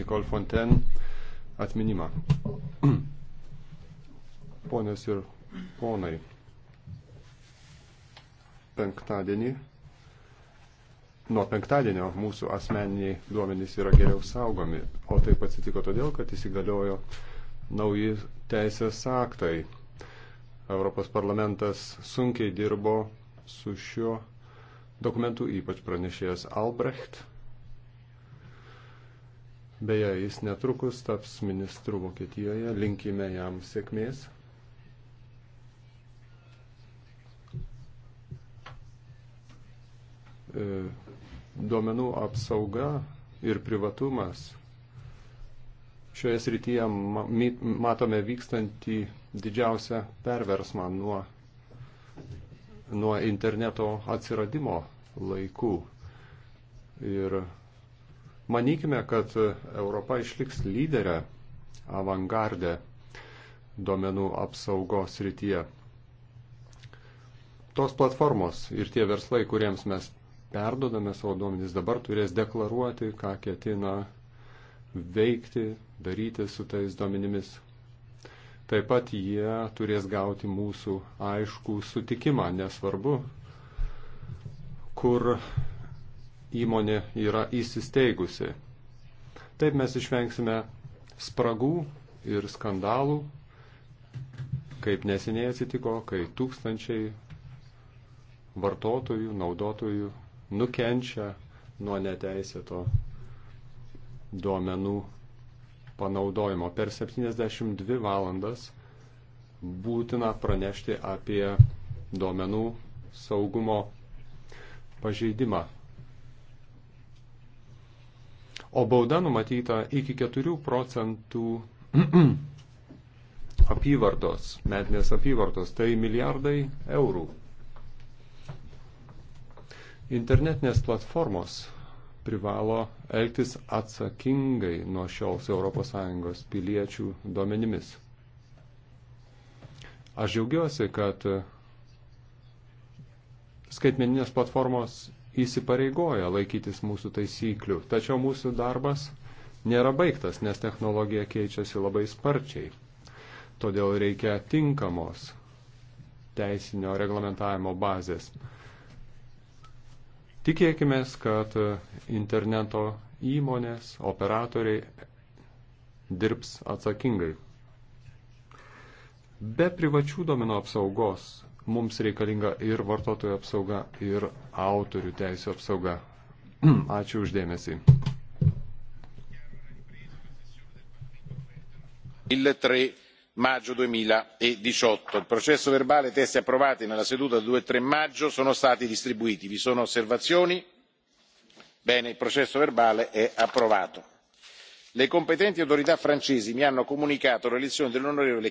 Nikol Fonten atminimą. Ponios ir ponai, penktadienį, nuo penktadienio mūsų asmeniniai duomenys yra geriau saugomi, o taip atsitiko todėl, kad įsigaliojo nauji teisės aktai. Europos parlamentas sunkiai dirbo su šiuo dokumentu, ypač pranešėjas Albrecht Beje, jis netrukus taps ministru Vokietijoje. Linkime jam sėkmės. E, duomenų apsauga ir privatumas. Šioje srityje matome vykstantį didžiausią perversmą nuo, nuo interneto atsiradimo laikų. Ir Manykime, kad Europa išliks lyderę avangardę duomenų apsaugos rytyje. Tos platformos ir tie verslai, kuriems mes perdodame savo duomenys, dabar turės deklaruoti, ką ketina veikti, daryti su tais duomenimis. Taip pat jie turės gauti mūsų aiškų sutikimą, nesvarbu, kur įmonė yra įsisteigusi. Taip mes išvengsime spragų ir skandalų, kaip neseniai atsitiko, kai tūkstančiai vartotojų, naudotojų nukenčia nuo neteisėto duomenų panaudojimo. Per 72 valandas būtina pranešti apie duomenų saugumo pažeidimą o bauda numatyta iki 4 procentų apyvartos, metinės apyvartos, tai milijardai eurų. Internetinės platformos privalo elgtis atsakingai nuo šios ES piliečių duomenimis. Aš džiaugiuosi, kad skaitmeninės platformos įsipareigoja laikytis mūsų taisyklių. Tačiau mūsų darbas nėra baigtas, nes technologija keičiasi labai sparčiai. Todėl reikia tinkamos teisinio reglamentavimo bazės. Tikėkime, kad interneto įmonės, operatoriai dirbs atsakingai. Be privačių domino apsaugos mums reikalinga ir vartotojų apsauga, ir autorių teisų apsauga. Ačiū uždėmesį. 3 maggio duemiladiciotto il processo verbale e i testi approvati nella seduta del due e tre maggio sono stati distribuiti. vi sono osservazioni? bene il processo verbale è approvato. le competenti autorità francesi mi hanno comunicato l'elezione dell'on.